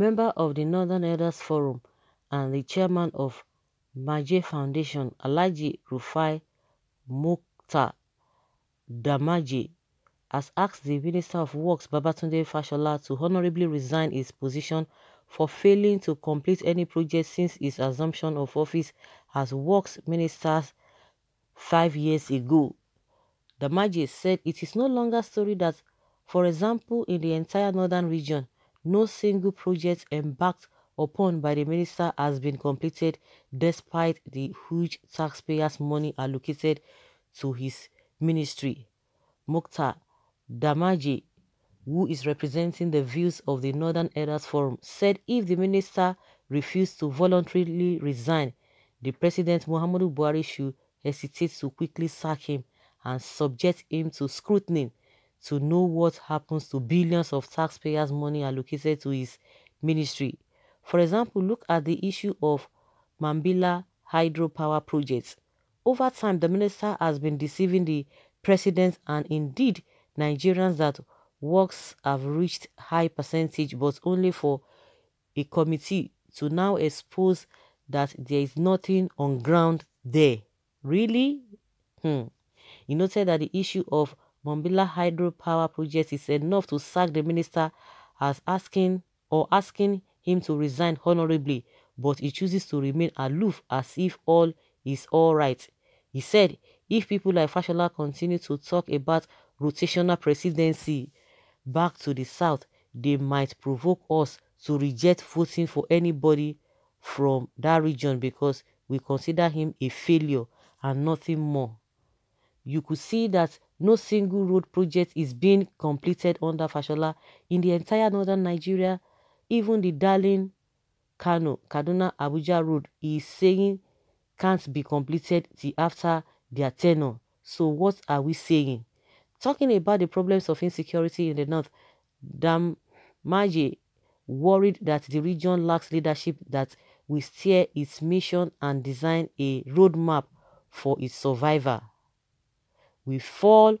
member of the Northern Elders Forum and the chairman of Maje Foundation, Alaji Rufai Mukta Damaji, has asked the Minister of Works Babatunde Fashola to honorably resign his position for failing to complete any project since his assumption of office as Works Minister five years ago. Damaji said it is no longer story that, for example, in the entire northern region, no single project embarked upon by the minister has been completed despite the huge taxpayers' money allocated to his ministry. Mukhtar Damaji, who is representing the views of the Northern Elders Forum, said if the minister refused to voluntarily resign, the President Muhammadu Buhari should hesitate to quickly sack him and subject him to scrutiny to know what happens to billions of taxpayers' money allocated to his ministry. For example, look at the issue of Mambila hydropower projects. Over time, the minister has been deceiving the president and indeed Nigerians that works have reached high percentage, but only for a committee to now expose that there is nothing on ground there. Really? Hmm. You noted that the issue of Mambila hydropower project is enough to sack the minister as asking or asking him to resign honorably, but he chooses to remain aloof as if all is all right. He said, if people like Fashola continue to talk about rotational presidency back to the south, they might provoke us to reject voting for anybody from that region because we consider him a failure and nothing more you could see that no single road project is being completed under Fashola in the entire northern Nigeria. Even the Darling Kano Kaduna Abuja road is saying can't be completed till after their tenure. So what are we saying? Talking about the problems of insecurity in the north, Damaji worried that the region lacks leadership that will steer its mission and design a roadmap for its survival. We fall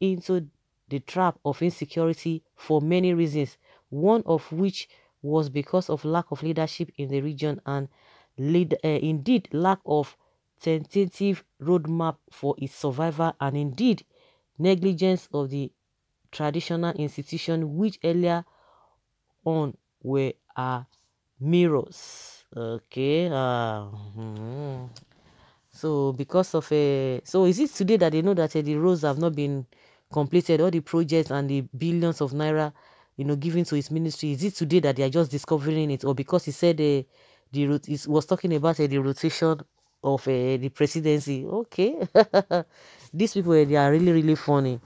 into the trap of insecurity for many reasons, one of which was because of lack of leadership in the region and lead, uh, indeed lack of tentative roadmap for its survival and indeed negligence of the traditional institution which earlier on were our mirrors. Okay. Uh, mm -hmm. So because of a eh, so is it today that they know that eh, the roads have not been completed, all the projects and the billions of naira, you know, given to his ministry? Is it today that they are just discovering it, or because he said uh, the route is was talking about uh, the rotation of uh, the presidency? Okay, these people they are really really funny.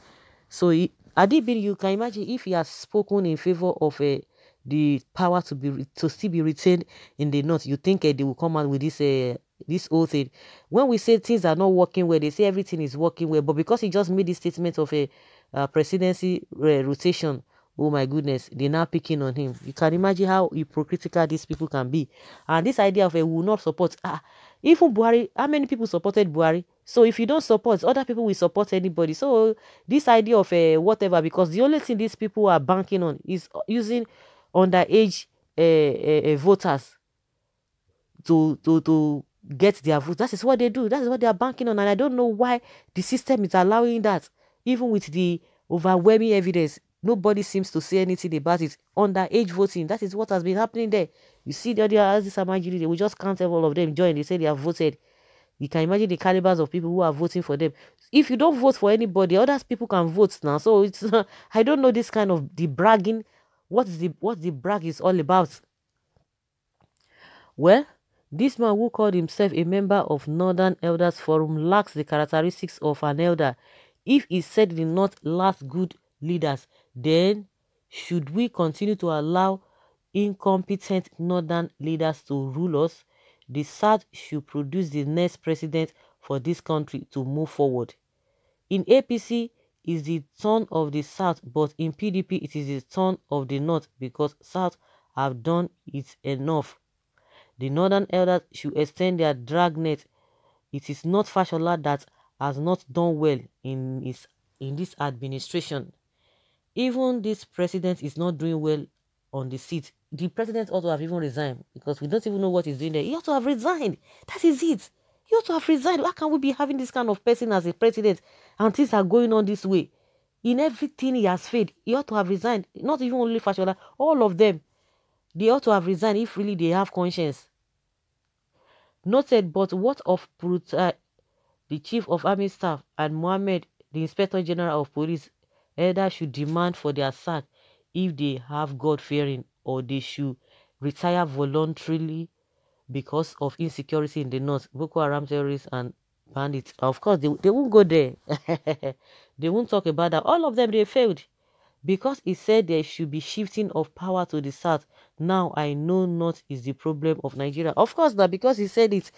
So it been you can imagine if he has spoken in favor of a the power to be to still be retained in the north you think uh, they will come out with this uh, this whole thing. When we say things are not working well, they say everything is working well. But because he just made this statement of a uh, presidency uh, rotation, oh my goodness, they're now picking on him. You can imagine how hypocritical these people can be. And this idea of a will not support. Ah, even Buhari, how many people supported Buhari? So if you don't support, other people will support anybody. So this idea of a uh, whatever, because the only thing these people are banking on is using underage uh, voters to to to get their votes. That is what they do. That is what they are banking on. And I don't know why the system is allowing that, even with the overwhelming evidence. Nobody seems to say anything about it. Underage voting, that is what has been happening there. You see the other as this Amajiri, they will just count all of them, join, they say they have voted. You can imagine the calibers of people who are voting for them. If you don't vote for anybody, other people can vote now. So it's I don't know this kind of the bragging. What's the what the brag is all about? Well, this man who called himself a member of Northern Elders Forum lacks the characteristics of an elder. If he said did not lack good leaders, then should we continue to allow incompetent northern leaders to rule us? The South should produce the next president for this country to move forward. In APC, is the turn of the South, but in PDP, it is the turn of the North because South have done it enough the northern elders should extend their dragnet. It is not Fashola that has not done well in, his, in this administration. Even this president is not doing well on the seat. The president ought to have even resigned because we don't even know what he's doing there. He ought to have resigned. That is it. He ought to have resigned. Why can't we be having this kind of person as a president and things are going on this way? In everything he has failed, he ought to have resigned. Not even only Fashola, all of them. They ought to have resigned if really they have conscience. Noted, but what of Pruta, uh, the chief of army staff, and Mohammed, the inspector general of police, either should demand for their sack if they have God fearing, or they should retire voluntarily because of insecurity in the north, Boko Haram terrorists and bandits. Of course, they, they won't go there. they won't talk about that. All of them, they failed because he said there should be shifting of power to the south now I know not is the problem of Nigeria. Of course, that because he said it,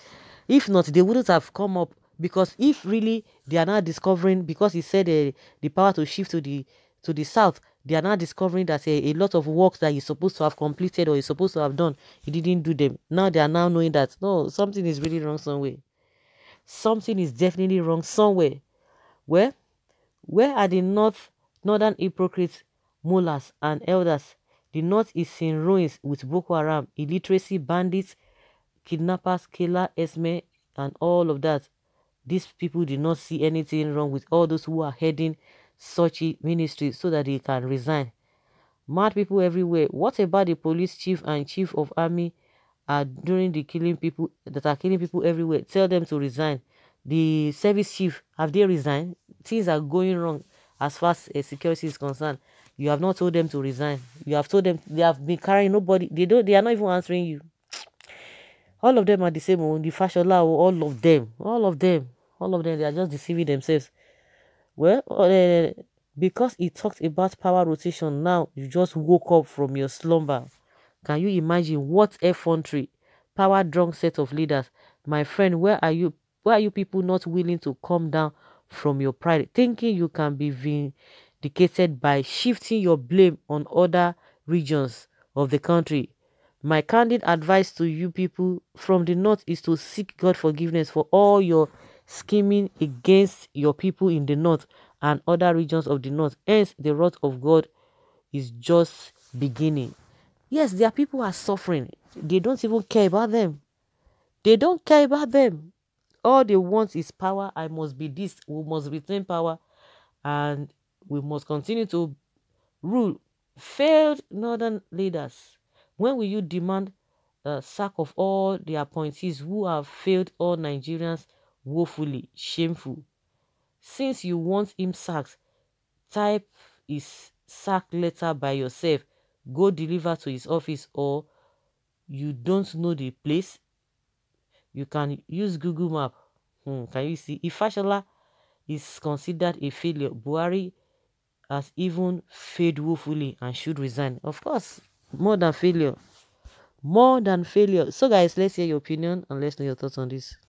if not, they wouldn't have come up. Because if really they are now discovering, because he said uh, the power to shift to the to the south, they are now discovering that a, eh, a lot of works that he's supposed to have completed or he's supposed to have done, he didn't do them. Now they are now knowing that no, something is really wrong somewhere. Something is definitely wrong somewhere. Where? Where are the north northern hypocrites, mullahs, and elders the north is in ruins with Boko Haram, illiteracy, bandits, kidnappers, killer, Esme, and all of that. These people do not see anything wrong with all those who are heading such ministries so that they can resign. Mad people everywhere. What about the police chief and chief of army are during the killing people that are killing people everywhere? Tell them to resign. The service chief, have they resigned? Things are going wrong as far as security is concerned. You have not told them to resign. You have told them they have been carrying nobody. They don't. They are not even answering you. All of them are the same. Oh, the law oh, all of them, all of them, all of them. They are just deceiving themselves. Well, uh, uh, because he talked about power rotation, now you just woke up from your slumber. Can you imagine what effrontery, power drunk set of leaders? My friend, where are you? Why are you people not willing to come down from your pride, thinking you can be vain? dictated by shifting your blame on other regions of the country. My candid advice to you people from the north is to seek God forgiveness for all your scheming against your people in the north and other regions of the north. Hence, the wrath of God is just beginning. Yes, their people are suffering. They don't even care about them. They don't care about them. All they want is power. I must be this. We must retain power. And we must continue to rule failed northern leaders. When will you demand the sack of all the appointees who have failed all Nigerians woefully, shameful? Since you want him sacked, type his sack letter by yourself, go deliver to his office or you don't know the place, you can use Google Map. Hmm, can you see? If Fashola is considered a failure, Buhari has even failed woefully and should resign. Of course, more than failure. More than failure. So, guys, let's hear your opinion and let's know your thoughts on this.